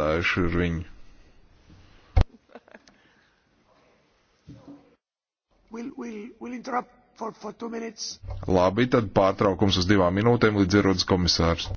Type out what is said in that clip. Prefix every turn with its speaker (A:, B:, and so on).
A: Tājuši ir viņi.
B: We'll, we'll, we'll interrupt for, for two minutes.
C: Labi, tad pārtraukums uz divām minūtēm, līdz ierodas komisārs.